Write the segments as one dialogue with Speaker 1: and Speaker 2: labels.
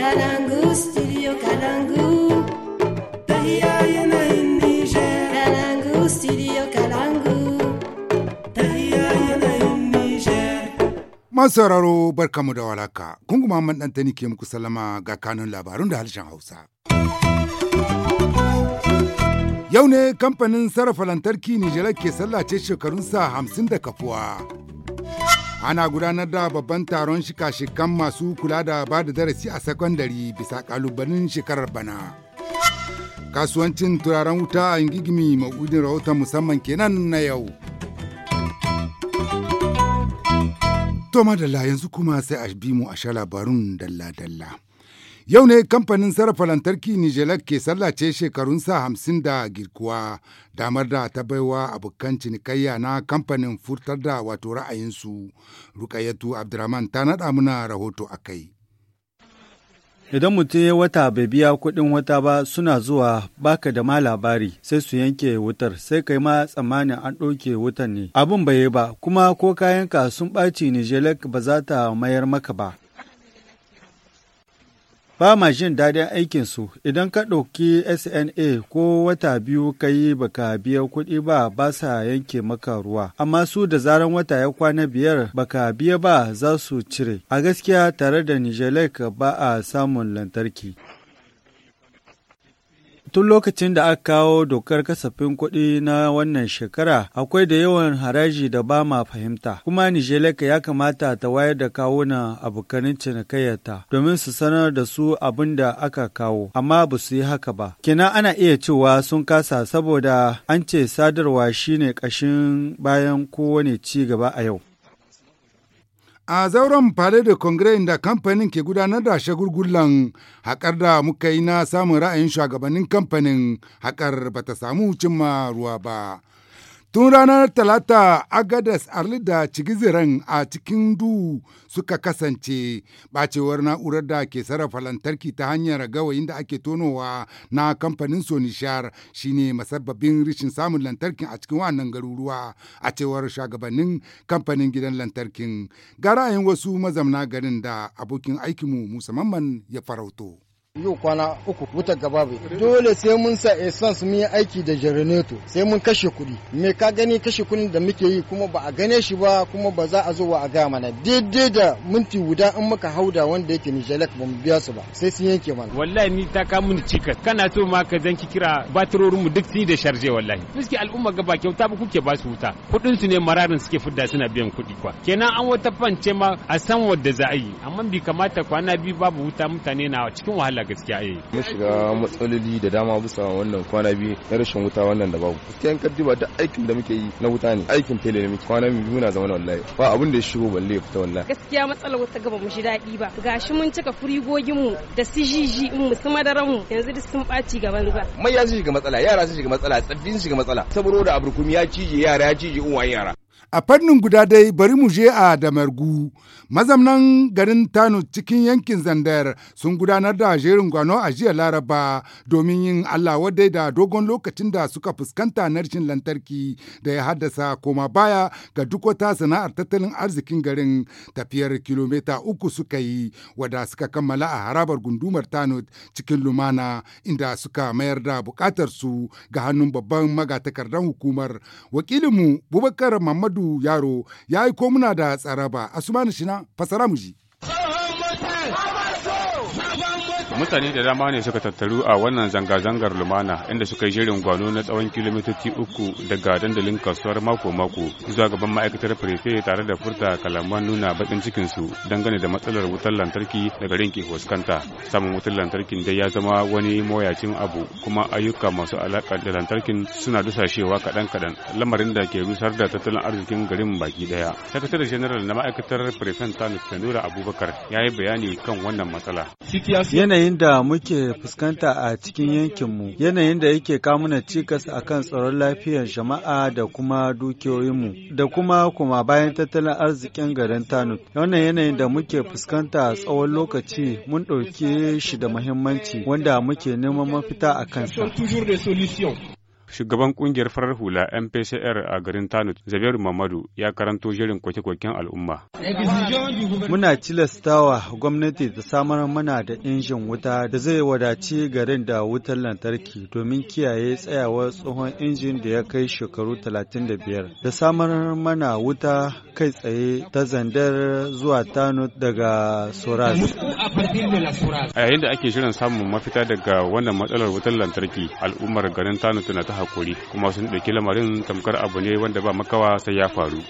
Speaker 1: Kalangu, studio Kalangu. yanayin Kalangu, studio Kalangu. yanayin barkamu da walaka Kunguma man ke muku sallama ga kanun labarun da harshen Hausa. Yau ne kamfanin sarrafa lantarki Nijar ke sallace shekarunsa hamsin da kafuwa. ana gudanar da babban taron shika-shikan masu kula da ba da darasi a sakandare bisa kalubalen shekarar bana kasuwancin turaren wuta a ingigimi maudin rahoton musamman kenan na yau to madalla yanzu kuma sai a bi mu a sha labarun dalla-dalla Yau ne kamfanin sarrafa lantarki Nijelak ke sallace shekarun sa hamsin da girkuwa damar da ta baiwa abokan cinikayya na kamfanin furtar da wato ra'ayinsu. Rukayatu Abdurrahman ta naɗa muna rahoto a kai. Idan mutum ya wata bai biya kuɗin wata ba suna zuwa
Speaker 2: baka da ma labari sai su yanke wutar sai kai ma tsammanin an ɗauke wutar ne. Abin bai ba kuma ko kayanka sun ɓaci Nijelak ba za ta mayar maka ba. ba ma jin daɗin aikinsu idan ka ɗauki sna ko wata biyu ka yi baka biya kuɗi ba ba sa yanke maka ruwa amma su da zaran wata ya kwana biyar baka biya ba za su cire a gaskiya tare da nijelek ba a samun lantarki Tun lokacin da aka kawo dokar kasafin kuɗi na wannan shekara akwai da yawan haraji da ba ma fahimta, kuma Nijelaka ya kamata ta wayar da na abokanin cinikayyarta domin su sanar da su abin da aka kawo, amma ba su yi haka ba. Kina ana iya cewa sun kasa saboda an ce sadarwa shine kashin bayan
Speaker 1: kowane ci gaba a yau. a zauren fare da kongire da kamfanin ke gudanar da shagulgulan haƙar da muka yi na samun ra'ayin shugabannin kamfanin haƙar bata samu cimma ruwa ba Tun ranar Talata Agadas Arli da Cigiziran a cikin duhu suka kasance bacewar na'urar da ke sarrafa lantarki ta hanyar gawayin da ake tonowa na kamfanin Sonishar shine masababin rishin samun lantarkin a cikin wannan garuruwa a cewar shagabannin kamfanin gidan lantarkin. Ga wasu mazamna garin da abokin aikinmu Musa Mamman ya farauto. yau kwana uku wutar gaba bai dole sai
Speaker 3: mun sa essence mun yi aiki da jaraneto sai mun kashe kuɗi me ka gani kashe kuɗin da muke yi kuma ba a gane shi ba kuma ba za a zo wa a gaya mana daidai da minti guda in muka da wanda yake jalak ba mu biya su ba sai sun yanke mana
Speaker 4: wallahi ni ta ka mini cikas kana so ma ka zanki kira batirorin mu duk sun da sharje wallahi miski al'umma gaba kyauta ba kuke ba su wuta kuɗin su ne mararin suke fidda suna biyan kuɗi kwa kenan an wata fance ma a san wadda za a yi amma bi kamata kwana biyu babu wuta mutane na cikin wahala Allah gaskiya eh
Speaker 3: mun shiga matsaloli da dama bisa wannan kwana biyu na rashin wuta wannan da babu gaskiya kaddi ba da aikin da muke yi na wuta ne aikin tele ne muke kwana biyu na zama wallahi ba abin da ya shigo balle ya fita wallahi
Speaker 5: gaskiya matsalar wata gaba mu ji daɗi ba gashi mun cika firigogin mu da sijiji mu su da mu yanzu duk sun ɓaci gaban banza
Speaker 3: mai ya shiga matsala yara sun shiga matsala tsaffin shiga matsala saboda abrukumi ya cije yara ya cije uwaye yara
Speaker 1: A fannin guda dai bari mu je a Damargu, mazamnan garin Tano cikin yankin Zandar sun gudanar da jerin gwano a jiya Laraba domin yin Allah wadai da dogon lokacin da suka fuskanta na rashin lantarki da ya haddasa koma baya ga duk wata sana'ar tattalin arzikin garin tafiyar kilomita uku suka yi wada suka kammala a harabar gundumar Tano cikin lumana inda suka mayar da bukatar su ga hannun babban magatakardan hukumar. Wakilinmu Bubakar Mamadu Muhammadu Yaro ya yi aiko muna da tsaraba, shi Shina, fasara mu ji.
Speaker 4: mutane da dama ne suka tattaru a wannan zanga-zangar lumana inda suka yi jerin gwano na tsawon kilomitoci uku daga dandalin kasuwar mako-mako zuwa gaban ma'aikatar prefe tare da furta kalaman nuna bakin cikinsu dangane da matsalar wutar lantarki da garin ke fuskanta samun wutar lantarkin dai ya zama wani mawayacin abu kuma ayyuka masu alaƙa da lantarkin suna dusashewa kaɗan-kaɗan lamarin da ke rusar da tattalin arzikin garin baki ɗaya sakatare general na ma'aikatar prefen ta nura abubakar ya yi bayani kan wannan matsala
Speaker 2: yanayin Yanayin da muke fuskanta a cikin yankinmu yanayin da yake kamuna cikas a kan tsaron lafiyar jama'a da kuma dukiyoyinmu da kuma kuma bayan tattalin arzikin garin tanu Wannan yanayin da muke fuskanta a tsawon lokaci mun ɗauke shi da muhimmanci wanda muke neman mafita a kansa.
Speaker 4: shugaban kungiyar farar hula MPCR a garin Tanut, Zabiru Mamadu ya karanto jerin kwake-kwaken al'umma. Muna tilastawa
Speaker 2: gwamnati ta samar mana da injin wuta da zai wadaci garin da wutar lantarki domin kiyaye tsayawar tsohon injin da ya kai shekaru 35 da samar mana wuta kai tsaye ta zandar zuwa Tanut daga Soras.
Speaker 4: A yayin da ake shirin samun mafita daga wannan matsalar wutar lantarki, al'ummar garin Tanut na ta haƙuri kuma sun ɗauki lamarin tamkar abu ne wanda ba makawa sai ya faru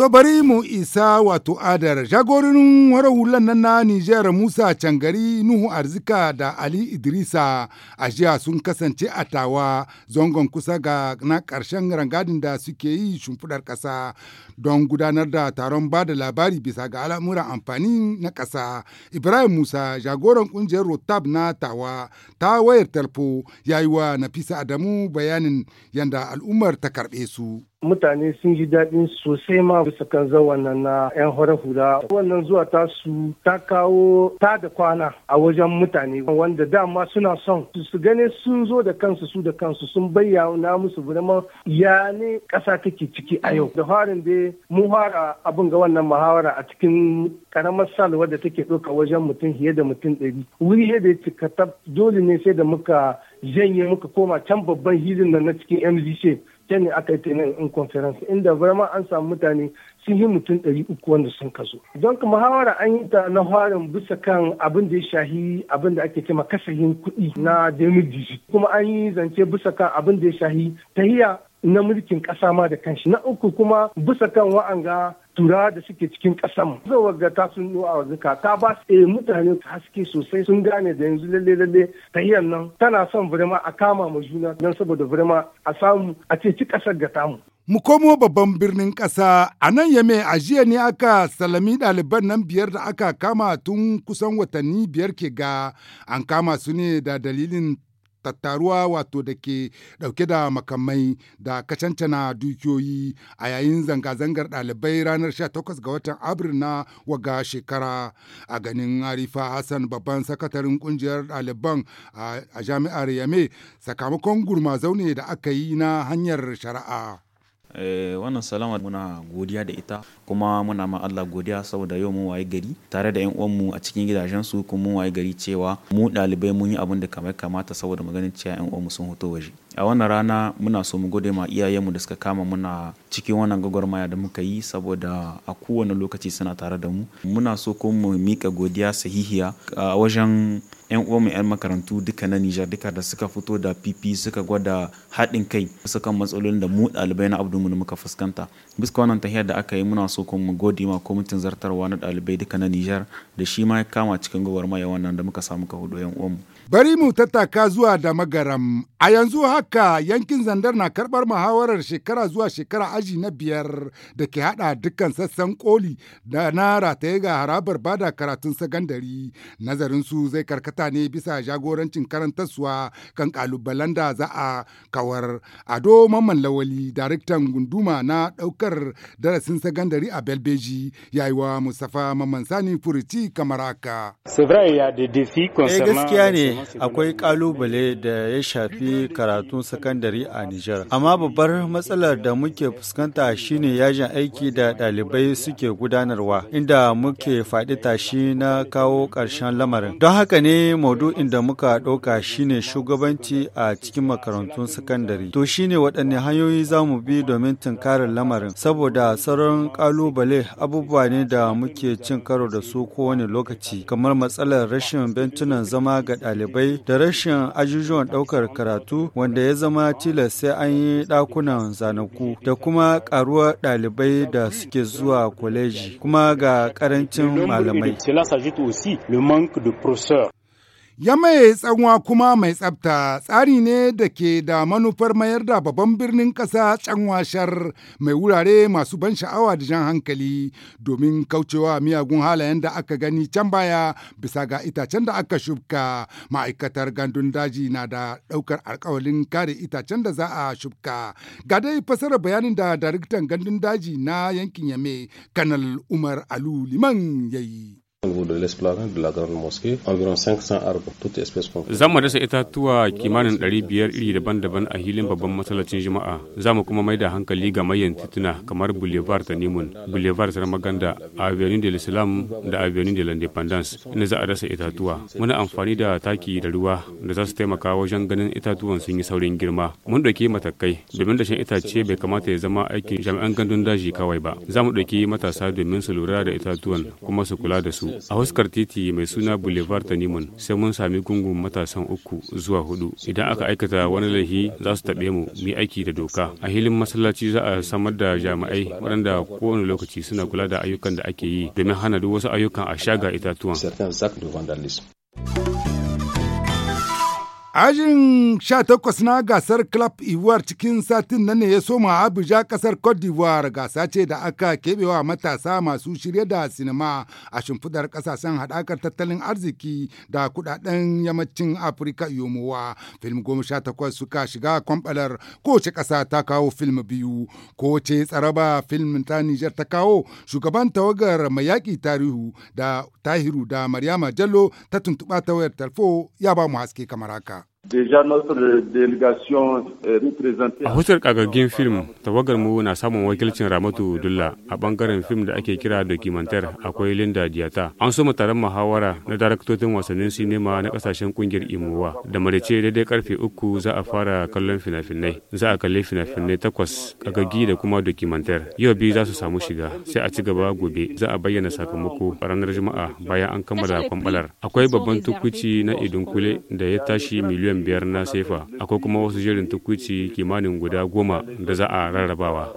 Speaker 1: To bari mu isa wato adar jagorin wara hulan nan na Nijar Musa Cangari Nuhu Arzika da Ali Idrisa a jiya sun kasance a tawa zongon kusa ga na ƙarshen rangadin da suke yi shimfiɗar ƙasa don gudanar da taron ba da labari bisa ga al'amuran amfani na ƙasa. Ibrahim Musa jagoran ƙungiyar Rotab na tawa ta wayar talfo ya yi wa Nafisa Adamu bayanin yadda al'ummar ta karɓe su. mutane sun ji daɗin sosai ma bisa kan wannan na 'yan hore hula
Speaker 2: wannan zuwa ta su ta kawo ta da kwana a wajen mutane wanda dama suna son su gane sun zo da kansu su da kansu sun bayyana musu vraiment ya ne ƙasa take ciki a yau da harin dai mu fara abin ga wannan muhawara a cikin karamar salwa da take ɗauka wajen mutum fiye da mutum ɗari wuri da ya cika dole ne sai da muka janye muka koma can babban hilin nan na cikin mzc can ne aka yi ta in conference inda vraiment an samu mutane sun yi mutum ɗari uku wanda sun kazo. Don kuma hawara an yi ta na harin bisa kan abin da ya shahi abin da ake cema kasahin kuɗi na 2010 kuma an yi zance bisa kan abin da ya shahi tahiya na mulkin kasa ma da kanshi na uku kuma bisa kan wa'anga tura da suke cikin mu zawar ga ta sun nuna a ta ba su eh, mutane haske sosai sun gane da yanzu lalle lalle
Speaker 1: tahiyyar nan tana son birma a kama ma juna don saboda birma a samu a ce ci ƙasar ga tamu. Mu komo babban birnin ƙasa a nan ya a jiya ne aka salami ɗaliban nan biyar da aka kama tun kusan watanni biyar ke ga an kama su ne da dalilin tattaruwa wato da ke ɗauke da makamai da kacancana dukiyoyi a yayin zanga-zangar ɗalibai ranar 18 ga watan abril na waga shekara a ganin arifa hassan babban sakatarin ƙungiyar ɗaliban a jami'ar yame sakamakon gurma zaune da aka yi na hanyar shari'a.
Speaker 2: Eh, wannan salama muna godiya da ita kuma muna ma Allah godiya saboda yau mun waye gari tare da yan uwanmu a cikin gidajensu kuma mun waye gari cewa mu ɗalibai mun yi abin da kamar kamata saboda maganin cewa yan uwan mu sun hoto waje a wannan rana muna so mu gode ma iyayenmu da suka kama muna cikin wannan gwagwarmaya da muka yi saboda a kowane lokaci suna tare da mu muna so ko mu miƙa godiya sahihiya a wajen 'yan uwanmu 'yan makarantu duka na Nijar duka da suka fito da PP suka gwada haɗin kai suka matsalolin da mu ɗalibai na Abdu muka fuskanta. Bisa wannan tahiyar da aka yi muna so kuma mu gode ma kwamitin zartarwa na ɗalibai duka na Nijar da shi ma ya kama cikin gwagwarmaya wannan da muka samu ka hudu 'yan uwanmu.
Speaker 1: Bari mu tattaka zuwa da magaram. A yanzu haka yankin zandar na karɓar muhawarar shekara zuwa shekara aji na biyar da ke haɗa dukkan sassan koli da na rataye ga harabar bada karatun sagandari. Nazarin su zai karkata ne bisa jagorancin karantarsuwa kan kalubalen da za a kawar. Ado Mamman Lawali, daraktan gunduma na ɗaukar darasin sagandari a Belbeji, ya yi wa Mustapha Mamman Sani Furuci kamar haka.
Speaker 2: Eh, gaskiya ne akwai kalubale da ya shafi karatun sakandare a Nijar. Amma babbar matsalar da muke fuskanta shine yajin aiki da ɗalibai suke gudanarwa, inda muke faɗi tashi na kawo ƙarshen lamarin. Don haka ne maudu'in da muka ɗauka shine shugabanci a cikin makarantun sakandare. To shine waɗanne hanyoyi za mu bi domin tunkarar lamarin, saboda sauran kalubale abubuwa ne da muke cin karo da su kowane lokaci, kamar matsalar rashin bentunan zama ga ɗalibai ɗalibai da rashin ajujuwan ɗaukar karatu wanda ya zama tilas sai an yi ɗakunan zanaku da kuma ƙaruwar ɗalibai da suke zuwa kwaleji kuma ga ƙarancin malamai.
Speaker 1: Ya mai tsanwa kuma mai tsafta tsari ne da ke da manufar mayar da babban birnin ƙasa shar mai wurare masu ban sha'awa da jan hankali domin kaucewa miyagun halayen da aka gani can baya bisa ga itacen da aka shubka ma'aikatar gandun daji na da ɗaukar alkawalin kare itacen da za a shubka. Ga dai fasara bayanin da daraktan gandun daji na yankin Yame Kanal Umar Alu Liman
Speaker 4: yayi. Au Za mu dasa itatuwa kimanin biyar iri daban-daban a hilin babban masallacin Juma'a. Za mu kuma mai da hankali ga mayan tituna kamar Boulevard ta Nimun, Boulevard ta Maganda, Avenue de l'Islam da Avenue de l'Independence, ina za a dasa itatuwa. Muna amfani da taki da ruwa da za su taimaka wajen ganin itatuwan sun yi saurin girma. Mun ɗauki matakai domin dashen itace bai kamata ya zama aikin jami'an gandun daji kawai ba. Za mu ɗauki matasa domin su lura da itatuwan kuma su kula da su. a huskar titi mai suna boulevard taniman sai mun sami gungun matasan uku zuwa hudu idan aka aikata wani laifi za su taɓe mu mu aiki da doka a hilin masallaci za a samar da jami'ai waɗanda kowane lokaci suna kula da ayyukan da ake yi domin hana duk wasu ayyukan a shaga itatuwan
Speaker 1: Ajin takwas na gasar Club Ivoire cikin satin nan ne ya soma Abuja kasar Cote d'Ivoire gasa ce da aka kebewa matasa masu shirya da sinima a shimfidar kasashen haɗakar tattalin arziki da kudaden yammacin Afirka yomowa. Film goma sha takwas suka shiga kwambalar kowace ƙasa ta kawo film biyu kowace tsaraba film ta Nijar ta kawo shugaban tawagar mayaki yaƙi tarihu da tahiru da Maryama Jallo ta tuntuɓa ta wayar talfo ya ba mu haske kamar haka.
Speaker 2: A hutar
Speaker 4: kagaggin fim, tawagar na samun wakilcin Ramatu Dulla a bangaren fim da ake kira dokimantar akwai Linda Diata. An soma taron muhawara na daraktocin wasannin sinima na kasashen kungiyar Imowa. Da marice daidai karfe uku za a fara kallon finafinai finai Za a kalli fina takwas kagaggi da kuma dokimantar. Yau biyu za su samu shiga sai a ci gaba gobe za a bayyana sakamako a ranar Juma'a bayan an kammala kwambalar. Akwai babban tukuci na Idunkule da ya tashi miliyan miliyan biyar na sefa akwai kuma wasu jerin tukuci kimanin guda goma da za a rarrabawa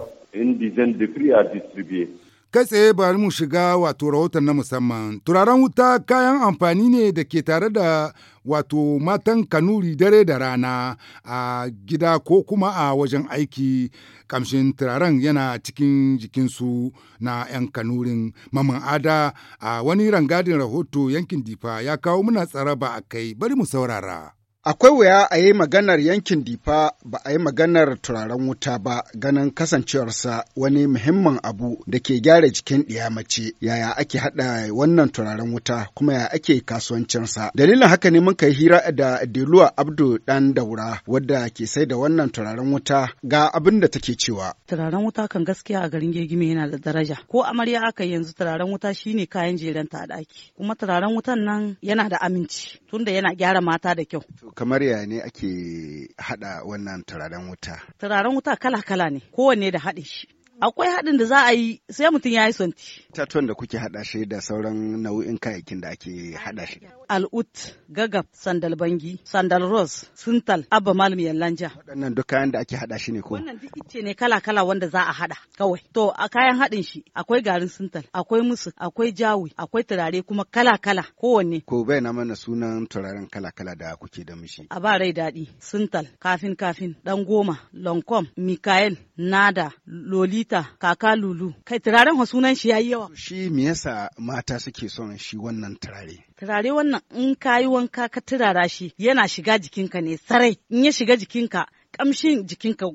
Speaker 1: kai tsaye bari mu shiga wato rahoton na musamman turaren wuta kayan amfani ne da ke tare da wato matan kanuri dare da rana a gida ko kuma a wajen aiki kamshin turaren yana cikin jikinsu na 'yan kanurin maman ada a wani rangadin rahoto yankin difa ya kawo muna tsaraba a kai bari mu saurara
Speaker 3: Akwai wuya a yi maganar yankin difa ba a yi maganar turaren wuta ba ganin kasancewarsa wani muhimmin abu da ke gyara jikin mace yaya ake haɗa wannan turaren wuta kuma yaya ake kasuwancinsa. Dalilin haka ne muka yi hira da Deluwa Abdu ɗan daura wadda ke sai da wannan turaren wuta ga abin da take cewa.
Speaker 5: Turaren wuta kan gaskiya a garin Gegime yana da daraja. Ko amarya aka yanzu turaren wuta shine kayan jerenta a ɗaki. Kuma turaren wutan nan yana da aminci tunda yana gyara mata da kyau.
Speaker 3: kamar ya ne ake hada wannan turaren wuta?
Speaker 5: Turaren wuta kala-kala ne, kowanne da haɗin shi. akwai haɗin da za a yi sai mutum ya yi santi
Speaker 3: Tatuwan da kuke haɗa shi da sauran nau'in kayayyakin da ake haɗa shi.
Speaker 5: Al'ut, gagab, sandal bangi, sandal rose, suntal, abba malam yallanja.
Speaker 3: Waɗannan duk kayan da ake haɗa shi ne ko? Wannan
Speaker 5: duk ice ne kala-kala wanda za a haɗa kawai. To a kayan haɗin shi akwai garin suntal, akwai musu, akwai jawi, akwai turare kuma kala-kala
Speaker 3: kowanne. Ko bayyana mana sunan turaren kala-kala da kuke da
Speaker 5: mishi. A ba rai daɗi, suntal, kafin-kafin, ɗan goma, lonkom, mikael, nada, lolita. barista kaka lulu kai turaren ho sunan shi yi yawa
Speaker 3: shi me yasa mata suke son shi wannan turare
Speaker 5: turare wannan in kayi wanka ka turara shi yana shiga jikinka ne sarai in ya shiga jikinka kamshin jikinka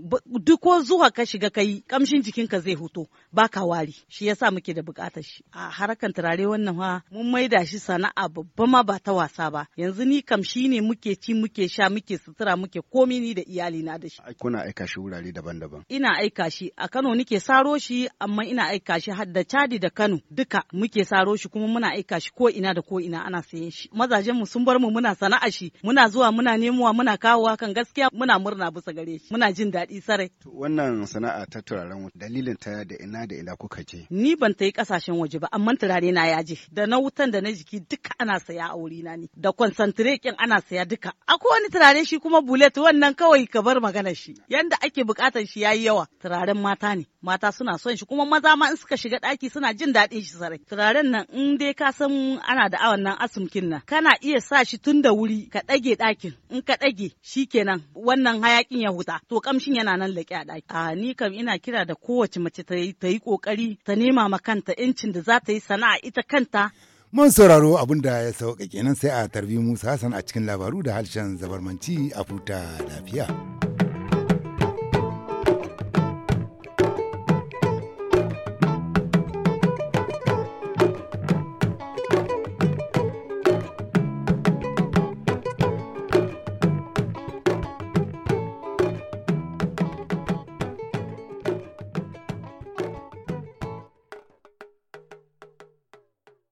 Speaker 5: duk ko zuwa ka shiga kai kamshin jikinka zai huto baka wari shi yasa muke da bukatar shi a harakan turare wannan ha mun maida shi sana'a babba ma ba ta wasa ba yanzu ni kamshi ne muke ci muke sha muke sutura muke komi ni da iyali na da shi
Speaker 3: kuna aika shi wurare daban-daban
Speaker 5: ina aika shi a Kano nike saro shi amma ina aika shi har da Chad da Kano duka muke saro shi kuma muna aika shi ko ina da ko ina ana sayen shi mazajen mu sun bar mu muna sana'a shi muna zuwa muna nemowa muna kawowa kan gaskiya muna murna bisa kasa gare shi muna jin daɗi sarai
Speaker 3: wannan sana'a ta turaren dalilin ta da ina da ina kuka je
Speaker 5: ni ban ta yi kasashen waje ba amma turare na ya je da na wutan da na jiki duka ana saya a wuri na ne da concentrate ana saya duka akwai wani turare shi kuma bullet wannan kawai ka bar magana shi yanda ake bukatar shi yayi yawa turaren mata ne mata suna son shi kuma maza ma in suka shiga ɗaki suna jin daɗin shi sarai turaren nan in dai ka san ana da awan nan asumkin nan kana iya sa shi tun da wuri ka ɗage ɗakin in ka ɗage shi kenan. wannan hayaƙin. kamshin ya huta to kamshin yana nan laƙi a ɗaki a ni kam ina kira da kowace mace ta yi ƙoƙari ta nema ma kanta 'yancin da za ta yi sana'a ita kanta
Speaker 1: Man sauraro abin da ya sauka kenan sai a tarbi Musa Hassan a cikin labaru da harshen zabarmanci a futa
Speaker 5: lafiya.